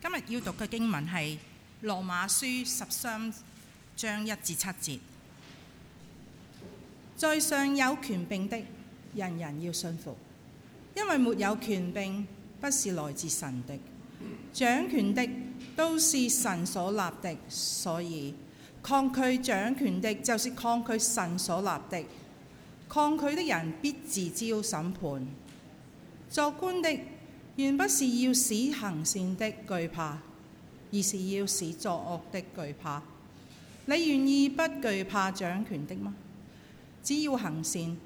今日要讀嘅經文係《羅馬書》十三章一至七節，在上有權柄的，人人要順服，因為沒有權柄不是來自神的，掌權的都是神所立的，所以抗拒掌權的，就是抗拒神所立的，抗拒的人必自招審判。作官的原不是要使行善的懼怕，而是要使作惡的懼怕。你願意不懼怕掌權的嗎？只要行善，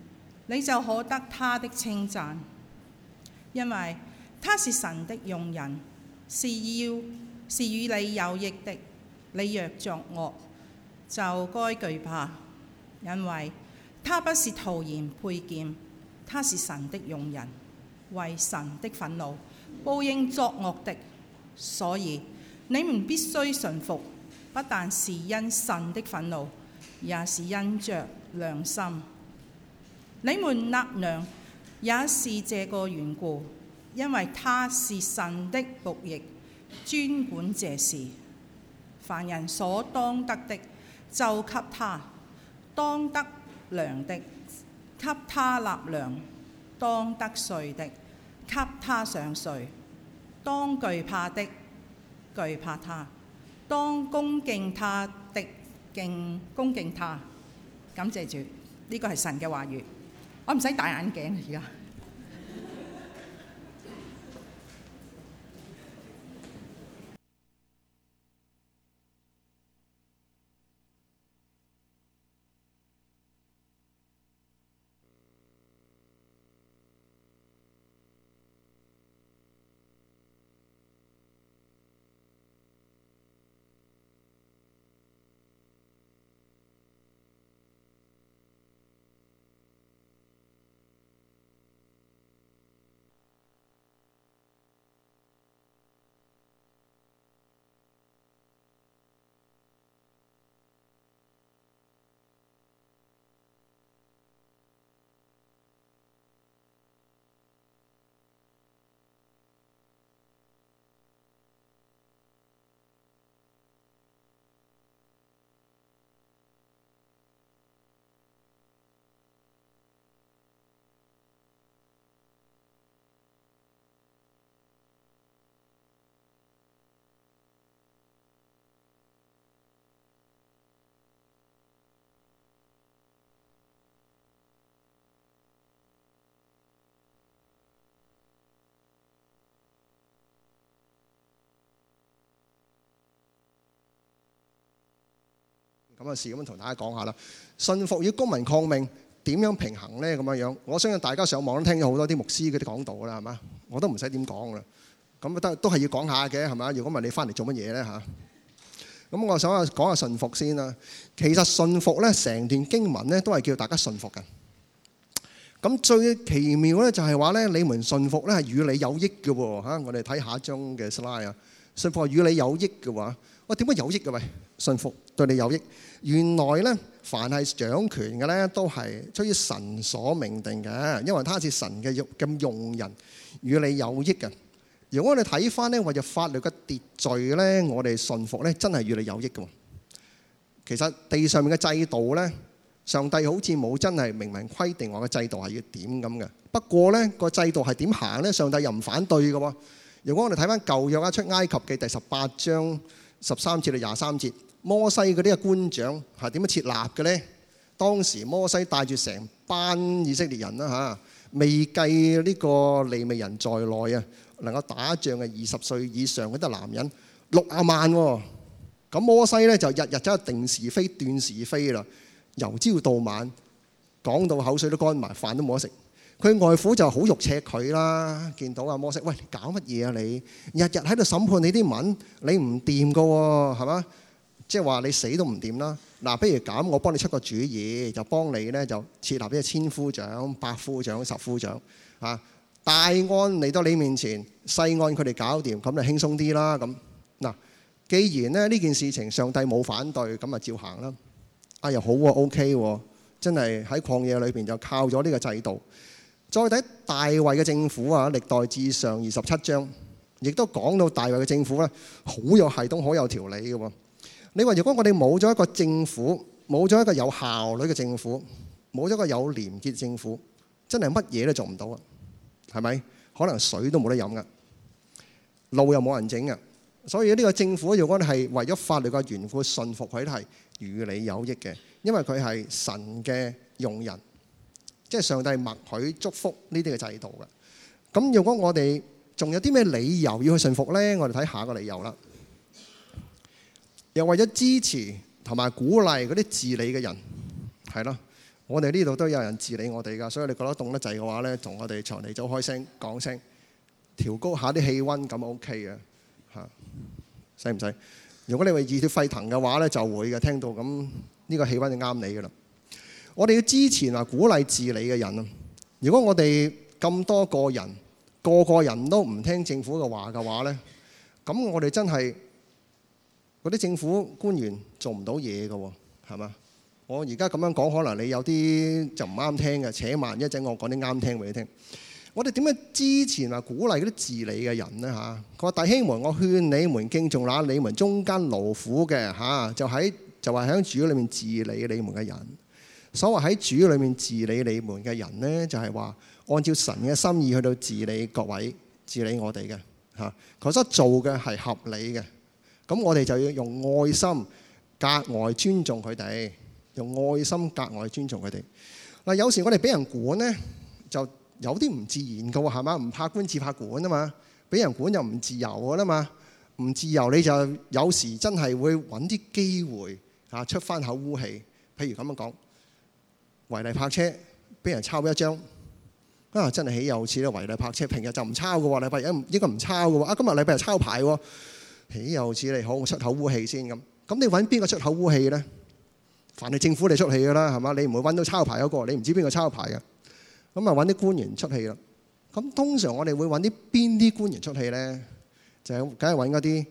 你就可得他的稱讚，因為他是神的用人，是要是與你有益的。你若作惡，就該懼怕，因為他不是徒然佩劍，他是神的用人。為神的憤怒報應作惡的，所以你們必須順服，不但是因神的憤怒，也是因着良心。你們納糧也是這個緣故，因為他是神的僕役，專管這事。凡人所當得的，就給他；當得糧的，給他納糧；當得稅的，給他上稅，當懼怕的懼怕他，當恭敬他的敬恭敬他，感謝主，呢、這個係神嘅話語，我唔使戴眼鏡啦而家。咁嘅事咁樣同大家講下啦。順服與公民抗命點樣平衡咧？咁樣樣，我相信大家上網都聽咗好多啲牧師嗰啲講道啦，係嘛？我都唔使點講啦。咁啊，得都係要講下嘅，係嘛？如果唔係你翻嚟做乜嘢咧嚇？咁我想啊講下順服先啊。其實順服咧，成段經文咧都係叫大家順服嘅。咁最奇妙咧就係話咧，你們順服咧係與你有益嘅喎嚇。我哋睇下一張嘅 slide 啊，順服係與你有益嘅話，喂點解有益嘅喂？信服對你有益。原來呢，凡係掌權嘅呢，都係出於神所命定嘅，因為他似神嘅用咁用人與你有益嘅。如果我哋睇翻呢，或者法律嘅秩序呢，我哋信服呢真係與你有益嘅。其實地上面嘅制度呢，上帝好似冇真係明文規定話嘅制度係要點咁嘅。不過呢個制度係點行呢，上帝又唔反對嘅。如果我哋睇翻舊約啊，出埃及記第十八章十三節到廿三節。摩西嗰啲啊官長係點樣設立嘅咧？當時摩西帶住成班以色列人啦嚇，未計呢個利未人在內啊，能夠打仗嘅二十歲以上嗰啲男人六啊萬喎。咁摩西咧就日日走去定是非斷是非啦，由朝到晚講到口水都乾埋，飯都冇得食。佢外父就好肉赤佢啦，見到阿摩西，喂，搞乜嘢啊你？日日喺度審判你啲文，你唔掂㗎喎，係嘛？即係話你死都唔掂啦。嗱，不如咁，我幫你出個主意，就幫你咧就設立啲千夫長、百夫長、十夫長啊。大案嚟到你面前，細案佢哋搞掂，咁就輕鬆啲啦。咁嗱，既然咧呢件事情上帝冇反對，咁咪照行啦。啊，又好喎，OK 喎，真係喺曠野裏邊就靠咗呢個制度。再睇大衛嘅政府啊，歷代志上二十七章，亦都講到大衛嘅政府咧，好有系統，好有條理嘅喎。你話如果我哋冇咗一個政府，冇咗一個有效率嘅政府，冇咗個有廉潔政府，真係乜嘢都做唔到啊？係咪？可能水都冇得飲噶，路又冇人整噶。所以呢個政府，如果係為咗法律嘅緣故，順服佢都係與你有益嘅，因為佢係神嘅用人，即係上帝默許祝福呢啲嘅制度嘅。咁如果我哋仲有啲咩理由要去順服咧？我哋睇下一個理由啦。又為咗支持同埋鼓勵嗰啲治理嘅人，係囉，我哋呢度都有人治理我哋噶，所以你覺得凍得滯嘅話咧，同我哋場地就開聲講聲，調高下啲氣温咁 OK 嘅嚇，使唔使？如果你話熱血沸騰嘅話咧，就會嘅聽到咁呢個氣温就啱你噶啦。我哋要支持同鼓勵治理嘅人啊！如果我哋咁多個人，個個人都唔聽政府嘅話嘅話咧，咁我哋真係～嗰啲政府官員做唔到嘢嘅喎，係嘛？我而家咁樣講，可能你有啲就唔啱聽嘅。且慢一陣，我講啲啱聽俾你聽。我哋點解之前話鼓勵嗰啲治理嘅人呢嚇？佢話：弟兄們，我勸你們敬重那你們中間勞苦嘅嚇，就喺就話喺主裏面治理你們嘅人。所謂喺主裏面治理你們嘅人呢，就係話按照神嘅心意去到治理各位、治理我哋嘅嚇。覺得做嘅係合理嘅。咁我哋就要用愛心，格外尊重佢哋；用愛心格外尊重佢哋。嗱，有時我哋俾人管咧，就有啲唔自然噶喎，係嘛？唔怕官至怕管啊嘛。俾人管又唔自由噶啦嘛，唔自由你就有時真係會揾啲機會嚇出翻口烏氣。譬如咁樣講，違例泊車，俾人抄一張啊！真係豈有此理，違例泊車。平日就唔抄噶喎，禮拜日應該唔抄噶喎。啊，今日禮拜日抄牌喎。豈有此理，你好出口污氣先咁咁，你揾邊個出口污氣咧？凡係政府嚟出氣㗎啦，係嘛？你唔會揾到抄牌嗰個，你唔知邊個抄牌嘅咁啊？揾啲官員出氣啦。咁通常我哋會揾啲邊啲官員出氣咧？就係梗係揾嗰啲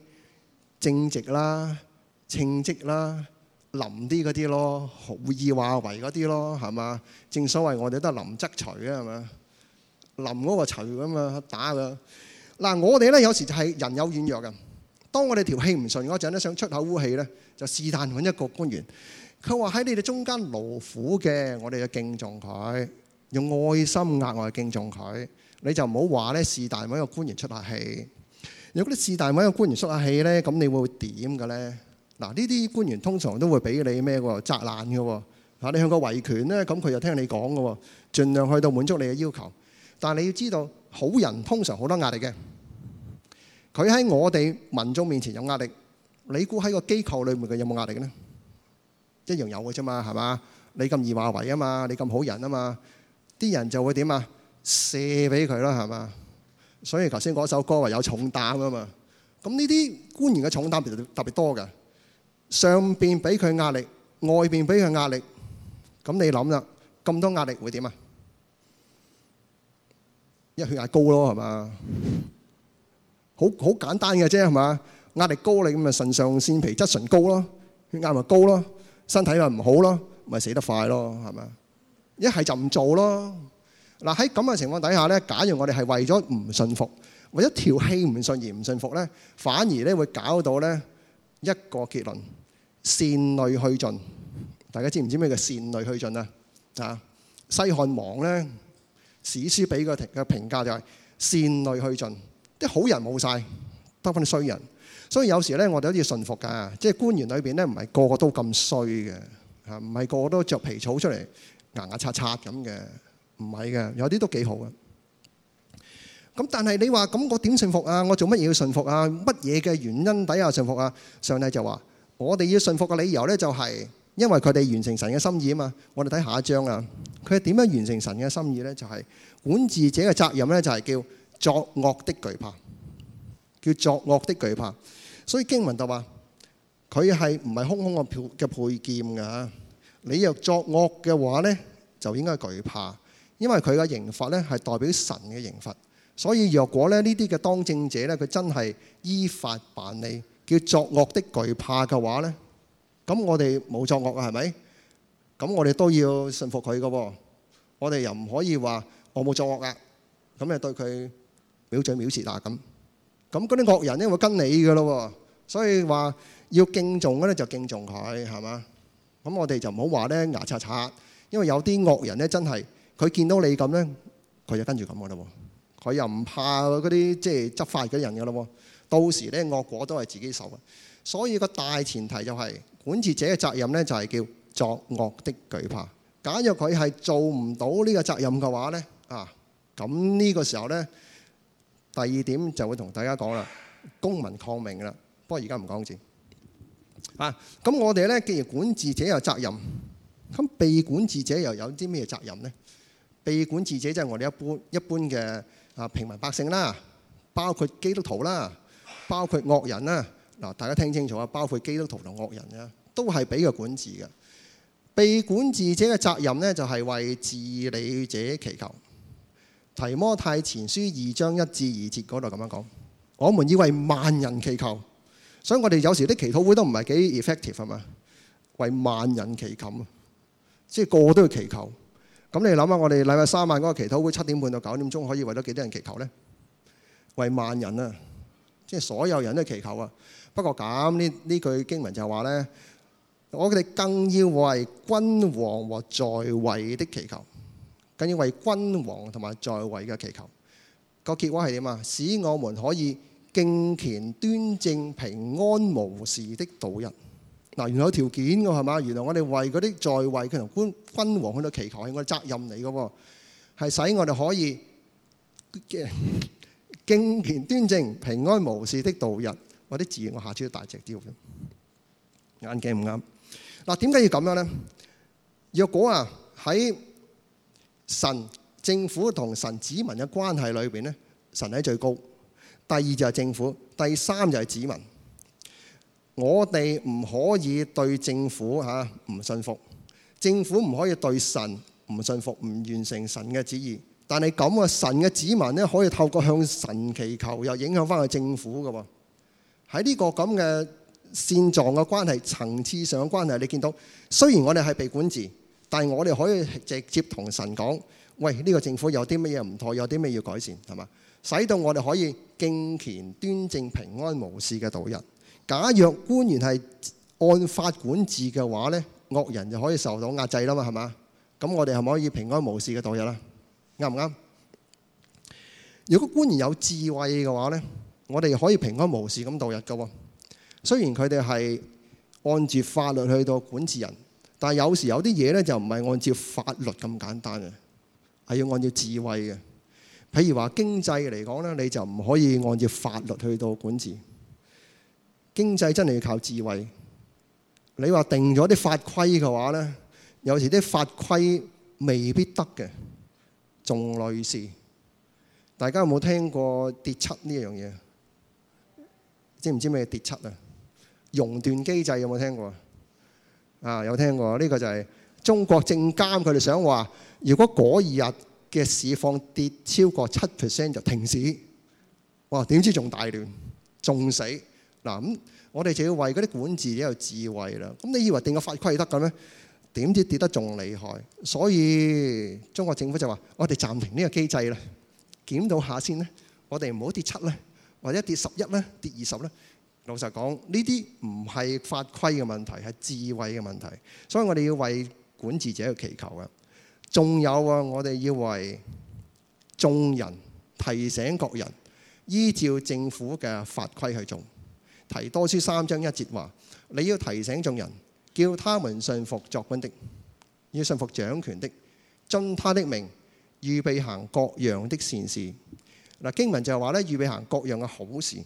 正直啦、稱職啦、林啲嗰啲咯，好以華為嗰啲咯，係嘛？正所謂我哋都係林則徐啊，係嘛？林嗰個除咁啊，打㗎。嗱，我哋咧有時就係人有軟弱㗎。當我哋條氣唔順嗰陣咧，想出口污氣咧，就是但揾一個官員。佢話喺你哋中間勞苦嘅，我哋就敬重佢，用愛心額外敬重佢。你就唔好話咧，是但揾一個官員出下氣。如果你是但揾個官員出下氣咧，咁你會點嘅咧？嗱，呢啲官員通常都會俾你咩個責難嘅喎。啊，你向佢維權咧，咁佢又聽你講嘅喎，盡量去到滿足你嘅要求。但係你要知道，好人通常好多壓力嘅。佢喺我哋民眾面前有壓力，你估喺個機構裡面佢有冇壓力嘅呢？一樣有嘅啫嘛，係嘛？你咁易話為啊嘛，你咁好人啊嘛，啲人就會點啊？射俾佢啦，係嘛？所以頭先嗰首歌話有重擔啊嘛。咁呢啲官員嘅重擔其實特別多㗎，上邊俾佢壓力，外邊俾佢壓力，咁你諗啦，咁多壓力會點啊？因為血壓高咯，係嘛？好好簡單嘅啫，係嘛？壓力高咧，咁咪腎上腺皮質醇高咯，血壓咪高咯，身體咪唔好咯，咪死得快咯，係咪啊？一係就唔做咯。嗱，喺咁嘅情況底下咧，假如我哋係為咗唔信服，為咗條氣唔順而唔信服咧，反而咧會搞到咧一個結論：善類去盡。大家知唔知咩叫善類去盡啊？啊，西漢王咧，史書俾個評嘅評價就係善類去盡。好人冇晒，得翻啲衰人。所以有時咧，我哋有啲要順服㗎。即係官員裏面咧，唔係個個都咁衰嘅，唔係個個都着皮草出嚟，牙牙刷刷咁嘅，唔係嘅。有啲都幾好嘅。咁但係你話咁，我點順服啊？我做乜嘢要順服啊？乜嘢嘅原因底下順服啊？上帝就話：我哋要順服嘅理由咧，就是，就係因為佢哋完成神嘅心意啊嘛。我哋睇下一章啊，佢係點樣完成神嘅心意咧？就係、是，管治者嘅責任咧，就係叫作惡的懼怕，叫作惡的懼怕。所以經文就話佢係唔係空空嘅，配嘅配劍嘅。你若作惡嘅話呢，就應該懼怕，因為佢嘅刑罰呢係代表神嘅刑罰。所以若果咧呢啲嘅當政者呢，佢真係依法辦理，叫作惡的懼怕嘅話呢，咁我哋冇作惡啊，係咪？咁我哋都要信服佢嘅。我哋又唔可以話我冇作惡啊。咁啊對佢。表嘴表舌啦咁，咁嗰啲惡人咧會跟你噶咯，所以話要敬重嘅咧就敬重佢，係嘛？咁我哋就唔好話咧牙擦擦，因為有啲惡人咧真係佢見到你咁咧，佢就跟住咁噶啦，佢又唔怕嗰啲即係執法嘅人噶啦，到時咧惡果都係自己受。所以個大前提就係管治者嘅責任咧，就係叫作惡的懼怕。假如佢係做唔到呢個責任嘅話咧，啊咁呢個時候咧。第二點就會同大家講啦，公民抗命啦，不過而家唔講先。啊，咁我哋咧，既然管治者有責任，咁被管治者又有啲咩責任呢？被管治者就係我哋一般一般嘅啊平民百姓啦，包括基督徒啦，包括惡人啦。嗱，大家聽清楚啊，包括基督徒同惡人啊，都係俾佢管治嘅。被管治者嘅責任咧，就係為治理者祈求。提摩太前書二章一至二節嗰度咁樣講，我們要為萬人祈求，所以我哋有時啲祈禱會都唔係幾 effective 係嘛？為萬人祈求，即係個個都要祈求。咁你諗下，我哋禮拜三晚嗰個祈禱會七點半到九點鐘可以為到幾多人祈求呢？為萬人啊，即係所有人都祈求啊。不過咁呢呢句經文就係話呢：「我哋更要為君王和在位的祈求。緊要為君王同埋在位嘅祈求，個結果係點啊？使我們可以敬虔端正、平安無事的度日。嗱，原來有條件噶係嘛？原來我哋為嗰啲在位嘅同官君王去到祈求係我哋責任嚟噶，係使我哋可以敬虔端正、平安無事的度日。我啲字我下次要大隻啲，眼鏡唔啱。嗱，點解要咁樣咧？若果啊喺神、政府同神子民嘅關係裏邊咧，神係最高，第二就係政府，第三就係子民。我哋唔可以對政府吓唔信服，政府唔可以對神唔信服，唔完成神嘅旨意。但係咁啊，神嘅子民咧可以透過向神祈求，又影響翻去政府嘅喎。喺呢個咁嘅線狀嘅關係、層次上嘅關係，你見到雖然我哋係被管治。但係我哋可以直接同神講：喂，呢個政府有啲乜嘢唔妥，有啲乜嘢要改善，係嘛？使到我哋可以敬虔、端正、平安無事嘅度日。假若官員係按法管治嘅話呢，惡人就可以受到壓制啦嘛，係嘛？咁我哋係咪可以平安無事嘅度日呢？啱唔啱？如果官員有智慧嘅話呢，我哋可以平安無事咁度日噶喎。雖然佢哋係按住法律去到管治人。但有時有啲嘢咧就唔係按照法律咁簡單嘅，係要按照智慧嘅。譬如話經濟嚟講咧，你就唔可以按照法律去到管治。經濟真係要靠智慧。你話定咗啲法規嘅話咧，有時啲法規未必得嘅。仲類似，大家有冇聽過跌七呢樣嘢？知唔知咩跌七啊？熔斷機制有冇聽過啊？啊，有聽過呢個就係中國證監佢哋想話，如果嗰二日嘅市況跌超過七 percent 就停市。哇！點知仲大亂，仲死嗱咁，我哋就要為嗰啲管治者有智慧啦。咁你以為定個法規得㗎咩？點知跌得仲厲害，所以中國政府就話：我哋暫停呢個機制啦，檢討下先啦，我哋唔好跌七咧，或者跌十一咧，跌二十咧。老實講，呢啲唔係法規嘅問題，係智慧嘅問題。所以我哋要為管治者去祈求啊！仲有啊，我哋要為眾人提醒各人，依照政府嘅法規去做。提多書三章一節話：你要提醒眾人，叫他們順服作官的，要順服掌權的，遵他的命，預備行各樣的善事。嗱經文就係話咧，預備行各樣嘅好事。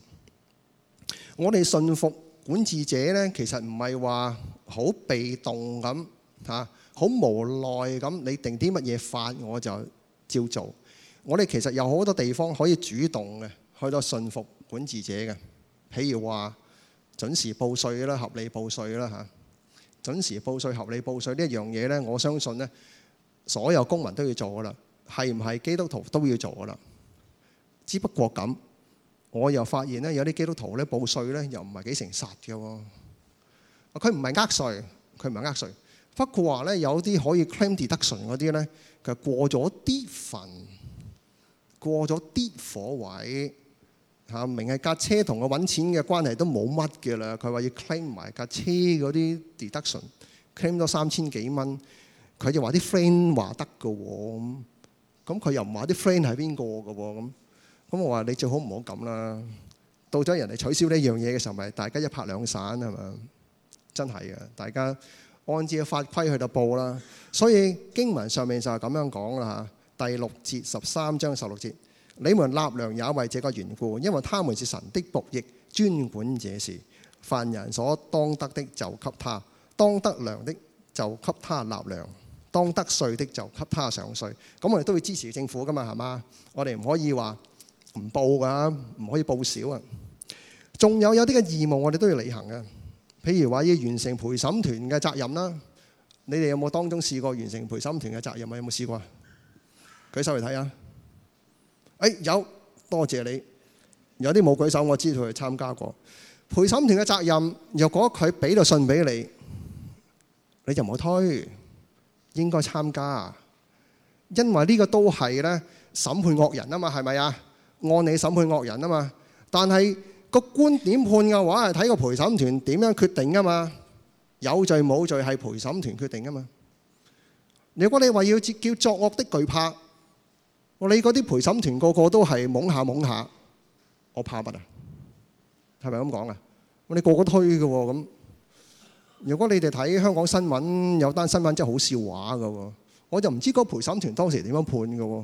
我哋順服管治者呢，其實唔係話好被動咁吓，好無奈咁。你定啲乜嘢法，我就照做。我哋其實有好多地方可以主動嘅去到順服管治者嘅，譬如話準時報稅啦，合理報稅啦吓。準時報稅、合理報稅呢一樣嘢呢，我相信呢，所有公民都要做噶啦，係唔係基督徒都要做噶啦？只不過咁。我又發現咧，有啲基督徒咧報稅咧，又唔係幾誠實㗎喎。佢唔係呃稅，佢唔係呃稅。不過話咧，有啲可以 claim deduction 嗰啲咧，佢過咗啲份，過咗啲火位吓，明係架車同佢揾錢嘅關係都冇乜嘅啦。佢話要 claim 埋架車嗰啲 deduction，claim 多三千幾蚊，佢就話啲 friend 話得㗎喎，咁咁佢又唔話啲 friend 係邊個㗎喎咁。咁我話你最好唔好咁啦。到咗人哋取消呢樣嘢嘅時候，咪大家一拍兩散係嘛？真係嘅，大家按照法規去到報啦。所以經文上面就係咁樣講啦吓。第六節十三章十六節，你們納糧也為這個緣故，因為他們是神的僕役，專管這事。凡人所當得的就給他，當得糧的就給他納糧，當得稅的就給他上稅。咁我哋都會支持政府噶嘛？係嘛？我哋唔可以話。唔報㗎，唔可以報少啊！仲有有啲嘅義務，我哋都要履行嘅。譬如話要完成陪審團嘅責任啦，你哋有冇當中試過完成陪審團嘅責任？有冇試過啊？舉手嚟睇下，誒有，多謝你。有啲冇舉手，我知道佢參加過陪審團嘅責任。若果佢俾到信俾你，你就唔好推，應該參加啊！因為呢個都係咧審判惡人啊嘛，係咪啊？按你審判惡人啊嘛，但係個觀點判嘅話係睇個陪審團點樣決定噶嘛，有罪冇罪係陪審團決定噶嘛。如果你話要叫作惡的懼怕，我你嗰啲陪審團個個都係懵下懵下，我怕乜啊？係咪咁講啊？我你個個推嘅喎咁。如果你哋睇香港新聞有單新聞真係好笑話嘅喎，我就唔知個陪審團當時點樣判嘅喎。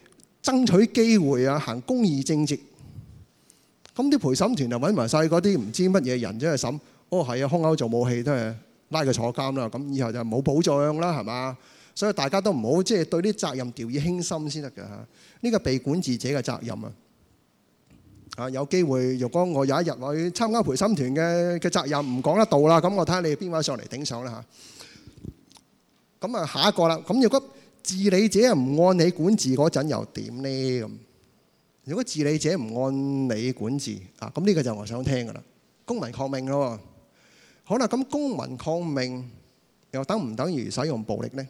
爭取機會啊，行公義政治，咁啲陪審團就揾埋曬嗰啲唔知乜嘢人即係審，哦係啊，空口做武器都係拉佢坐監啦，咁以後就冇保障啦，係嘛？所以大家都唔好即係對啲責任掉以輕心先得㗎嚇，呢個被管治者嘅責任啊！啊，有機會，若果我有一日我去參加陪審團嘅嘅責任唔講得到啦，咁我睇下你邊位上嚟頂上啦嚇。咁啊，下一個啦，咁若果。治理者唔按你管治嗰陣又點呢？咁如果治理者唔按你管治啊，咁呢個就我想聽噶啦，公民抗命咯。好啦，咁公民抗命又等唔等於使用暴力呢？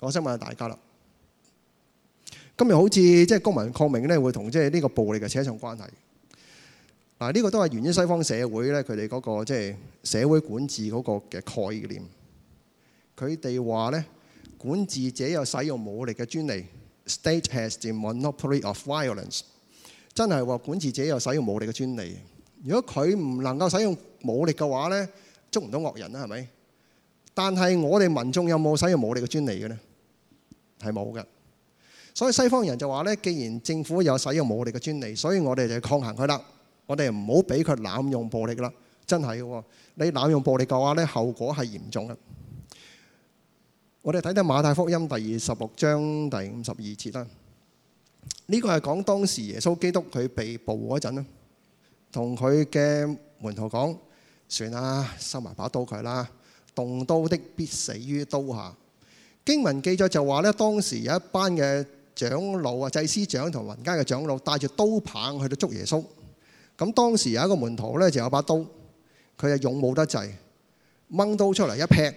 我想問下大家啦。今日好似即係公民抗命咧，會同即係呢個暴力嘅扯上關係。嗱，呢個都係源於西方社會咧，佢哋嗰個即係、就是、社會管治嗰個嘅概念，佢哋話咧。管治者有使用武力嘅專利，State has the monopoly of violence。真係話管治者有使用武力嘅專利。如果佢唔能夠使用武力嘅話咧，捉唔到惡人啦，係咪？但係我哋民眾有冇使用武力嘅專利嘅咧？係冇嘅。所以西方人就話咧，既然政府有使用武力嘅專利，所以我哋就抗衡佢啦。我哋唔好俾佢濫用暴力啦。真係嘅喎，你濫用暴力嘅話咧，後果係嚴重嘅。我哋睇睇《馬太福音》第二十六章第五十二節啦。呢個係講當時耶穌基督佢被捕嗰陣啦，同佢嘅門徒講：算啦，收埋把刀佢啦。動刀的必死於刀下。經文記載就話咧，當時有一班嘅長老啊、祭司長同民間嘅長老帶住刀棒去到捉耶穌。咁當時有一個門徒呢，就有把刀，佢啊勇武得滯，掹刀出嚟一劈。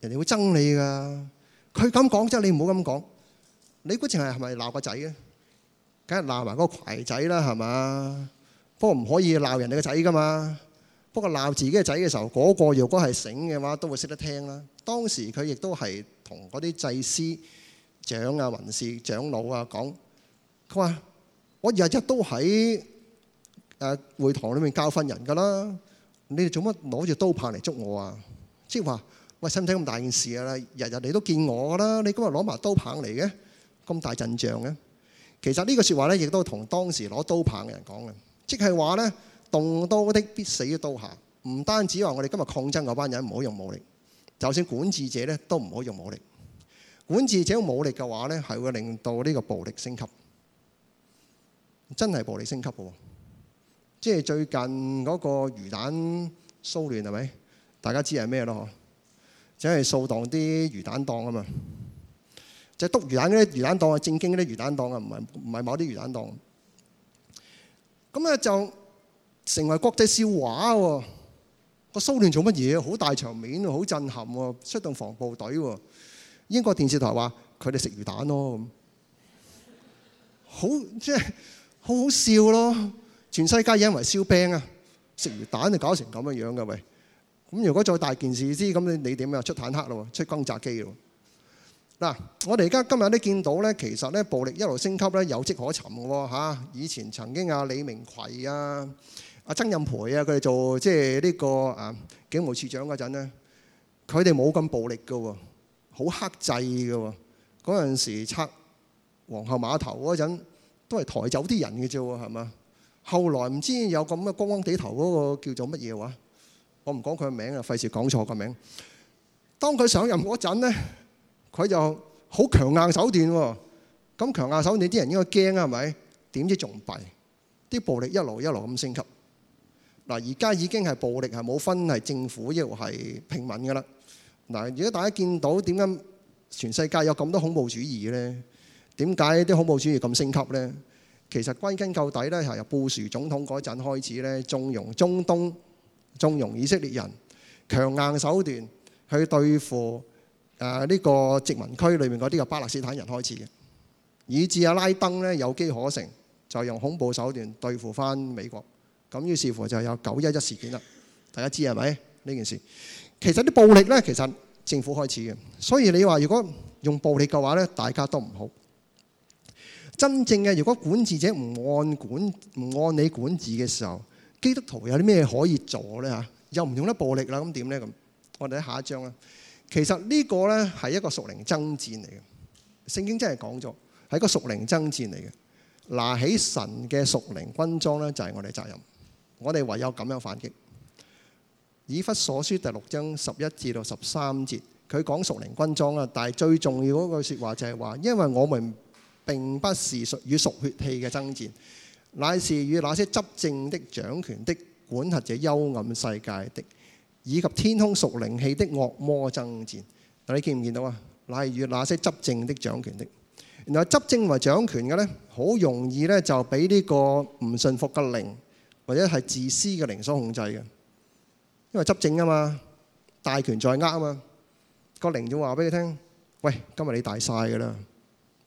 人哋會憎你噶，佢咁講啫，你唔好咁講。你估淨係係咪鬧個仔咧？梗係鬧埋嗰個枴仔啦，係嘛？不過唔可以鬧人哋嘅仔噶嘛。不過鬧自己嘅仔嘅時候，嗰個若果係醒嘅話，都會識得聽啦。當時佢亦都係同嗰啲祭司長啊、文士長老啊講，佢話：我日日都喺誒會堂裏面教訓人噶啦，你哋做乜攞住刀棒嚟捉我啊？即係話。身體咁大件事噶啦，日日你都見我啦。你今日攞埋刀棒嚟嘅，咁大陣仗嘅。其實呢個說話咧，亦都同當時攞刀棒嘅人講嘅，即係話咧動刀的必死於刀下。唔單止話我哋今日抗爭嗰班人唔好用武力，就算管治者咧都唔好用武力。管治者武力嘅話咧，係會令到呢個暴力升級，真係暴力升級嘅。即係最近嗰個魚蛋騷亂係咪？大家知係咩咯？即係掃蕩啲魚蛋檔啊嘛，就篤魚蛋嗰啲魚蛋檔，正經嗰啲魚蛋檔啊，唔係唔係某啲魚蛋檔。咁咧就成為國際笑話喎。個騷亂做乜嘢？好大場面，好震撼喎，出動防暴隊喎。英國電視台話：佢哋食魚蛋咯咁，好即係好好笑咯。全世界因為燒餅啊，食魚蛋就搞成咁嘅樣嘅喂。咁如果再大件事之，咁你你點啊？出坦克咯，出轟炸機咯。嗱，我哋而家今日都見到咧，其實咧暴力一路升級咧，有跡可尋嘅嚇。以前曾經阿李明逵、啊啊這個、啊、阿曾蔭培啊，佢哋做即係呢個啊警務處長嗰陣咧，佢哋冇咁暴力嘅喎，好克制嘅喎。嗰陣時拆皇后碼頭嗰陣，都係抬走啲人嘅啫喎，係嘛？後來唔知有咁嘅光光地頭嗰、那個叫做乜嘢話？我唔講佢個名啦，費事講錯個名。當佢上任嗰陣咧，佢就好強硬手段喎。咁強硬手段，你啲人應該驚啊？係咪？點知仲弊？啲暴力一路一路咁升級。嗱，而家已經係暴力係冇分係政府抑或係平民㗎啦。嗱，如果大家見到點解全世界有咁多恐怖主義咧？點解啲恐怖主義咁升級咧？其實歸根究底咧，係由布什總統嗰陣開始咧，縱容中東。縱容以色列人強硬手段去對付誒呢、啊呢個殖民區裏面嗰啲個巴勒斯坦人開始嘅，以致阿拉登呢有機可乘，就用恐怖手段對付翻美國。咁於是乎就有九一一事件啦。大家知係咪呢件事？其實啲暴力呢，其實政府開始嘅。所以你話如果用暴力嘅話呢，大家都唔好。真正嘅，如果管治者唔按管唔按你管治嘅時候。基督徒有啲咩可以做咧？嚇，又唔用得暴力啦，咁點咧？咁我哋喺下一章啦。其實呢個咧係一個屬靈爭戰嚟嘅，聖經真係講咗係一個屬靈爭戰嚟嘅。拿起神嘅屬靈軍裝咧，就係我哋責任。我哋唯有咁樣反擊。以弗所書第六章十一至到十三節，佢講屬靈軍裝啊，但係最重要嗰句説話就係話，因為我們並不是屬與屬血氣嘅爭戰。乃是與那些執政的、掌權的、管轄這幽暗世界的，以及天空屬靈氣的惡魔爭戰。嗱，你見唔見到啊？乃是與那些執政的、掌權的，原來執政或掌權嘅呢，好容易呢就俾呢個唔信服嘅靈或者係自私嘅靈所控制嘅，因為執政啊嘛，大權在握啊嘛，個靈就話俾你聽：「喂，今日你大晒嘅啦，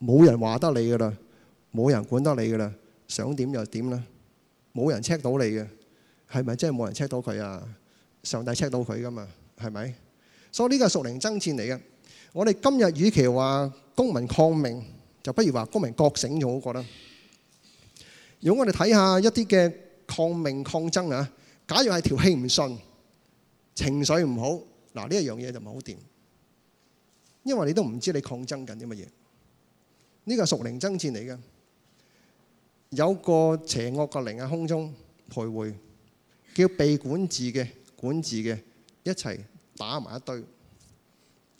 冇人話得你嘅啦，冇人管得你嘅啦。想點就點啦，冇人 check 到你嘅，係咪真係冇人 check 到佢啊？上帝 check 到佢噶嘛？係咪？所以呢個係屬靈爭戰嚟嘅。我哋今日與其話公民抗命，就不如話公民覺醒咗，我覺得。如果我哋睇下一啲嘅抗命抗爭啊，假如係條氣唔順，情緒唔好，嗱呢一樣嘢就唔係好掂，因為你都唔知你抗爭緊啲乜嘢。呢個係屬靈爭戰嚟嘅。有個邪惡嘅靈喺空中徘徊，叫被管治嘅、管治嘅一齊打埋一堆。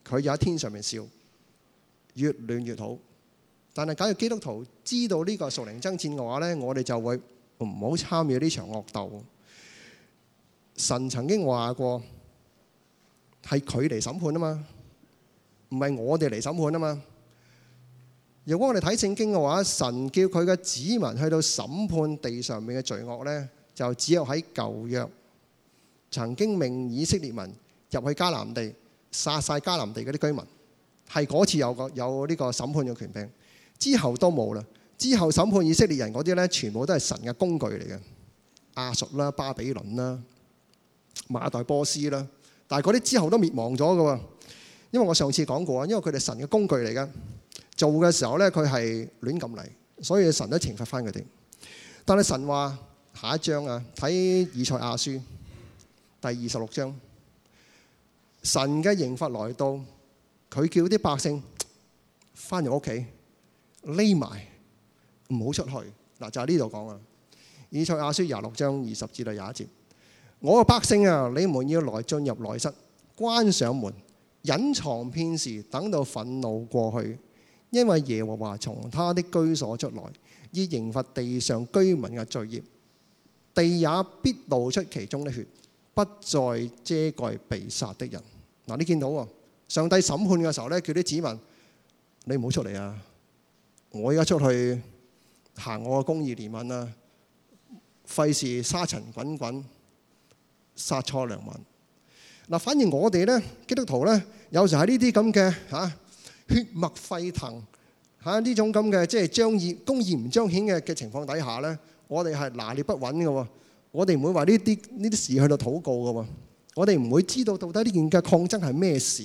佢就喺天上面笑，越亂越好。但係假如基督徒知道呢個係屬靈爭戰嘅話咧，我哋就會唔好參與呢場惡鬥。神曾經話過，係佢嚟審判啊嘛，唔係我哋嚟審判啊嘛。如果我哋睇聖經嘅話，神叫佢嘅子民去到審判地上面嘅罪惡呢，就只有喺舊約曾經命以色列民入去迦南地殺晒迦南地嗰啲居民，係嗰次有，有個有呢個審判嘅權柄，之後都冇啦。之後審判以色列人嗰啲呢，全部都係神嘅工具嚟嘅，亞述啦、巴比倫啦、馬代波斯啦，但係嗰啲之後都滅亡咗㗎喎，因為我上次講過啊，因為佢哋神嘅工具嚟嘅。做嘅時候呢，佢係亂咁嚟，所以神都懲罰翻佢哋。但係神話下一章啊，睇以賽亞書第二十六章，神嘅刑罰來到，佢叫啲百姓翻入屋企匿埋，唔好出去嗱，就係呢度講啊。以賽亞書廿六章二十至到廿一節，我嘅百姓啊，你們要來進入內室，關上門，隱藏片時，等到憤怒過去。因為耶和華從他的居所出來，以刑罰地上居民嘅罪孽，地也必露出其中的血，不再遮蓋被殺的人。嗱，你見到啊，上帝審判嘅時候咧，叫啲子民，你唔好出嚟啊！我而家出去行我嘅公義憐憫啊，費事沙塵滾滾，殺錯良民。嗱，反而我哋咧，基督徒咧，有時喺呢啲咁嘅吓。血脈沸騰嚇，呢種咁嘅即係彰顯公義唔彰顯嘅嘅情況底下咧，我哋係拿捏不穩嘅。我哋唔會話呢啲呢啲事去到禱告嘅。我哋唔會知道到底呢件嘅抗爭係咩事，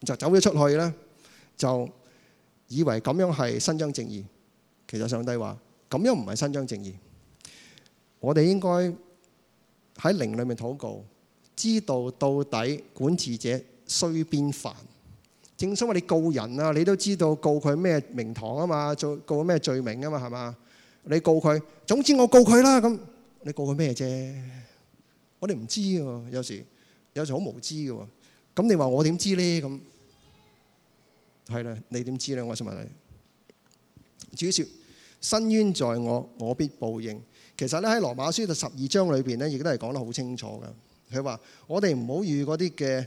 就走咗出去咧，就以為咁樣係伸張正義。其實上帝話咁樣唔係伸張正義。我哋應該喺靈裡面禱告，知道到底管治者需邊範。正所謂你告人啊，你都知道告佢咩名堂啊嘛，做告咩罪名啊嘛，係嘛？你告佢，總之我告佢啦咁。你告佢咩啫？我哋唔知嘅，有時有時好無知嘅。咁你話我點知咧？咁係啦，你點知咧？我想問你。主説：伸冤在我，我必報應。其實咧喺羅馬書嘅十二章裏邊咧，亦都係講得好清楚嘅。佢話：我哋唔好遇嗰啲嘅。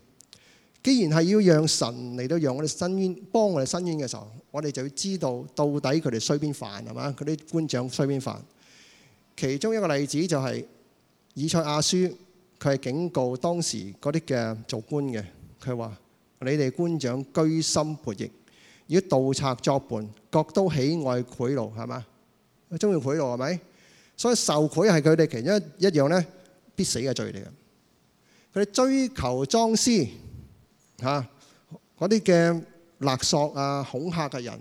既然係要讓神嚟到，讓我哋伸冤，幫我哋伸冤嘅時候，我哋就要知道到底佢哋衰邊犯係嘛？佢啲官長衰邊犯？其中一個例子就係以賽亞書，佢係警告當時嗰啲嘅做官嘅，佢話你哋官長居心悖逆，以盜賊作伴，各都喜愛賄賂係嘛？中意賄賂係咪？所以受賄係佢哋其中一樣咧必死嘅罪嚟嘅。佢哋追求贓私。嚇、啊，嗰啲嘅勒索啊、恐嚇嘅人，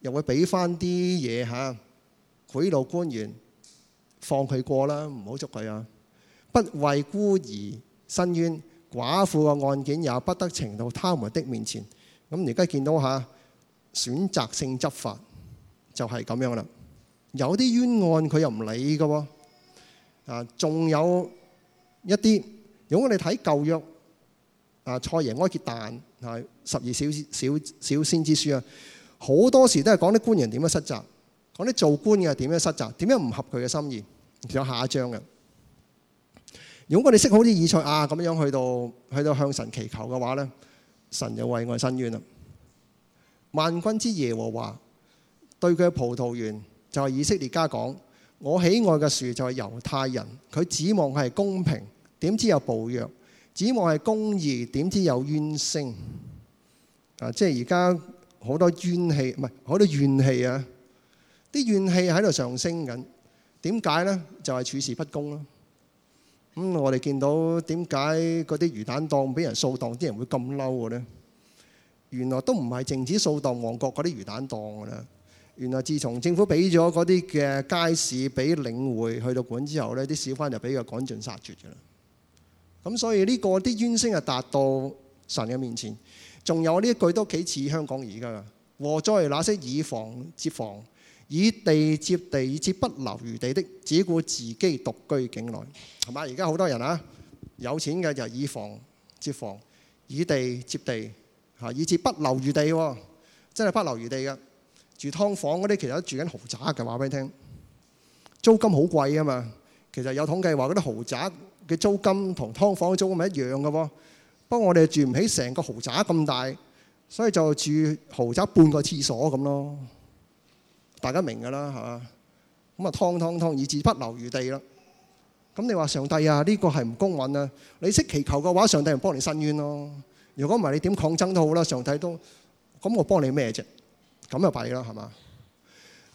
又會俾翻啲嘢嚇，賄賂官員，放佢過啦，唔好捉佢啊！不為孤兒、伸冤寡婦嘅案件，也不得呈到他們的面前。咁而家見到嚇、啊，選擇性執法就係咁樣啦。有啲冤案佢又唔理噶喎、啊，啊，仲有一啲，如果我哋睇舊約。啊！蔡瀛哀竭但啊，十二小小小先之書啊，好多時都係講啲官員點樣失責，講啲做官嘅點樣失責，點樣唔合佢嘅心意。仲有下一章嘅。如果我哋識好似以賽亞咁樣去到去到向神祈求嘅話咧，神就為我伸冤啦。萬軍之耶和華對佢嘅葡萄園就係以色列家講：我喜愛嘅樹就係猶太人，佢指望佢係公平，點知有暴虐。指望係公義，點知有怨聲啊！即係而家好多怨氣，唔係，好多怨氣啊！啲怨氣喺度上升緊，點解呢？就係處事不公咯。咁我哋見到點解嗰啲魚蛋檔俾人掃檔，啲人會咁嬲嘅呢？原來都唔係淨止掃檔旺角嗰啲魚蛋檔噶啦。原來自從政府俾咗嗰啲嘅街市俾領匯去到管之後呢，啲小販就俾佢趕盡殺絕噶啦。咁所以呢、這個啲冤聲啊，達到神嘅面前。仲有呢一句都幾似香港而家嘅：，禍哉那些、啊、以房接房、以地接地、以至不留餘地,、哦、地的，只顧自己獨居境內，係嘛？而家好多人啊，有錢嘅就以房接房、以地接地，嚇，以至不留餘地，真係不留餘地嘅。住劏房嗰啲其實都住緊豪宅嘅，話俾你聽，租金好貴啊嘛。其實有統計話嗰啲豪宅。嘅租金同劏房租咪一樣嘅喎，不過我哋住唔起成個豪宅咁大，所以就住豪宅半個廁所咁咯。大家明嘅啦係嘛，咁啊劏劏劏，以至不留餘地啦。咁你話上帝啊，呢個係唔公允啊！你識祈求嘅話，上帝唔幫你申冤咯。如果唔係，你點抗爭都好啦。上帝都咁我幫你咩啫？咁就弊啦，係嘛？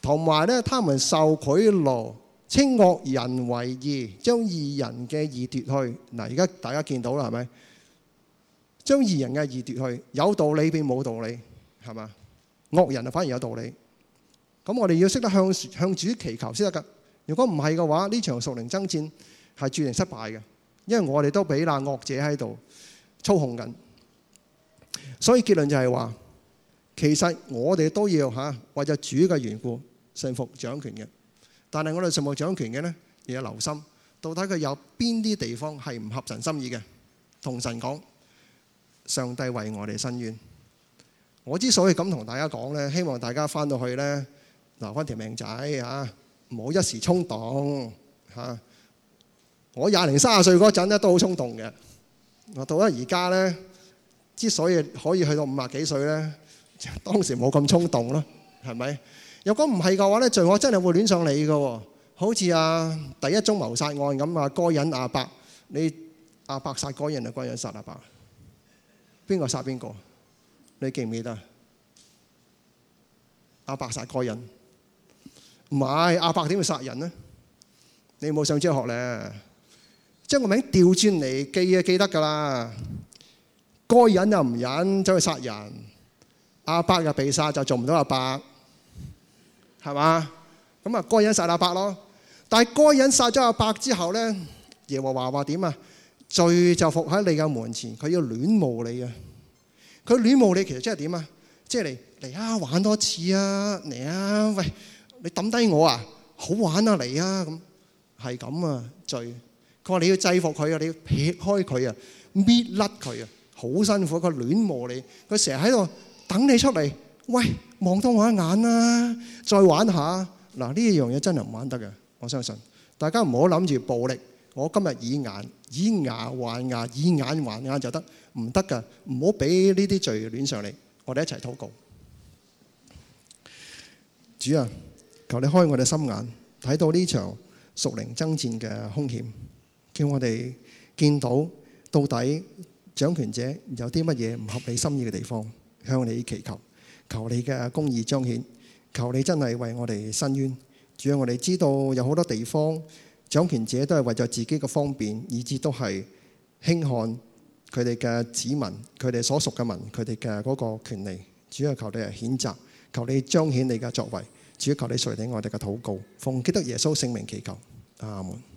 同埋咧，他們受賄賂。稱惡人為義，將義人嘅義奪去。嗱，而家大家見到啦，係咪？將義人嘅義奪去，有道理變冇道理，係嘛？惡人啊，反而有道理。咁我哋要識得向向主祈求先得噶。如果唔係嘅話，呢場屬靈爭戰係注定失敗嘅，因為我哋都俾那惡者喺度操控緊。所以結論就係話，其實我哋都要吓，啊，為咗主嘅緣故，順服掌權嘅。但係我哋神牧掌權嘅咧，亦有留心，到底佢有邊啲地方係唔合神心意嘅，同神講。上帝為我哋伸冤。我之所以咁同大家講咧，希望大家翻到去咧，留翻條命仔嚇，唔好一時衝動嚇。我廿零、卅歲嗰陣咧都好衝動嘅，啊到咗而家咧，之所以可以去到五十幾歲咧，當時冇咁衝動咯，係咪？如果唔係嘅話呢，罪惡真係會亂上你㗎喎。好似啊，第一宗謀殺案咁啊，該隱阿伯，你阿伯殺該隱，就該隱殺阿伯，邊個殺邊個？你記唔記得？阿伯殺該隱，唔係阿伯點會殺人呢？你冇上朝學呢，將個名調轉嚟記啊，記，就記得㗎啦。該隱又唔隱，走去殺人。阿伯又被殺，就做唔到阿伯。係嘛？咁啊，該隱殺了亞伯咯。但係該隱殺咗亞伯之後咧，耶和華話點啊？罪就伏喺你嘅門前，佢要戀慕你啊！佢戀慕你其實即係點啊？即係嚟嚟啊玩多次啊嚟啊！喂，你揼低我啊，好玩啊嚟啊咁，係咁啊罪。佢話你要制服佢啊，你要撇開佢啊，搣甩佢啊，好辛苦。佢戀慕你，佢成日喺度等你出嚟。喂，望多我一眼啦，再玩下嗱。呢樣嘢真係唔玩得嘅，我相信大家唔好諗住暴力。我今日以眼以牙還牙，以眼還眼就得，唔得噶唔好俾呢啲罪亂上嚟。我哋一齊禱告，主啊，求你開我哋心眼，睇到呢場屬靈爭戰嘅凶險，叫我哋見到到底掌權者有啲乜嘢唔合理心意嘅地方，向你祈求。求你嘅公義彰顯，求你真係為我哋伸冤，主要我哋知道有好多地方掌權者都係為咗自己嘅方便，以致都係輕看佢哋嘅子民、佢哋所屬嘅民、佢哋嘅嗰個權利。主要求你係譴責，求你彰顯你嘅作為。主要求你垂聽我哋嘅禱告，奉基督耶穌聖名祈求，阿門。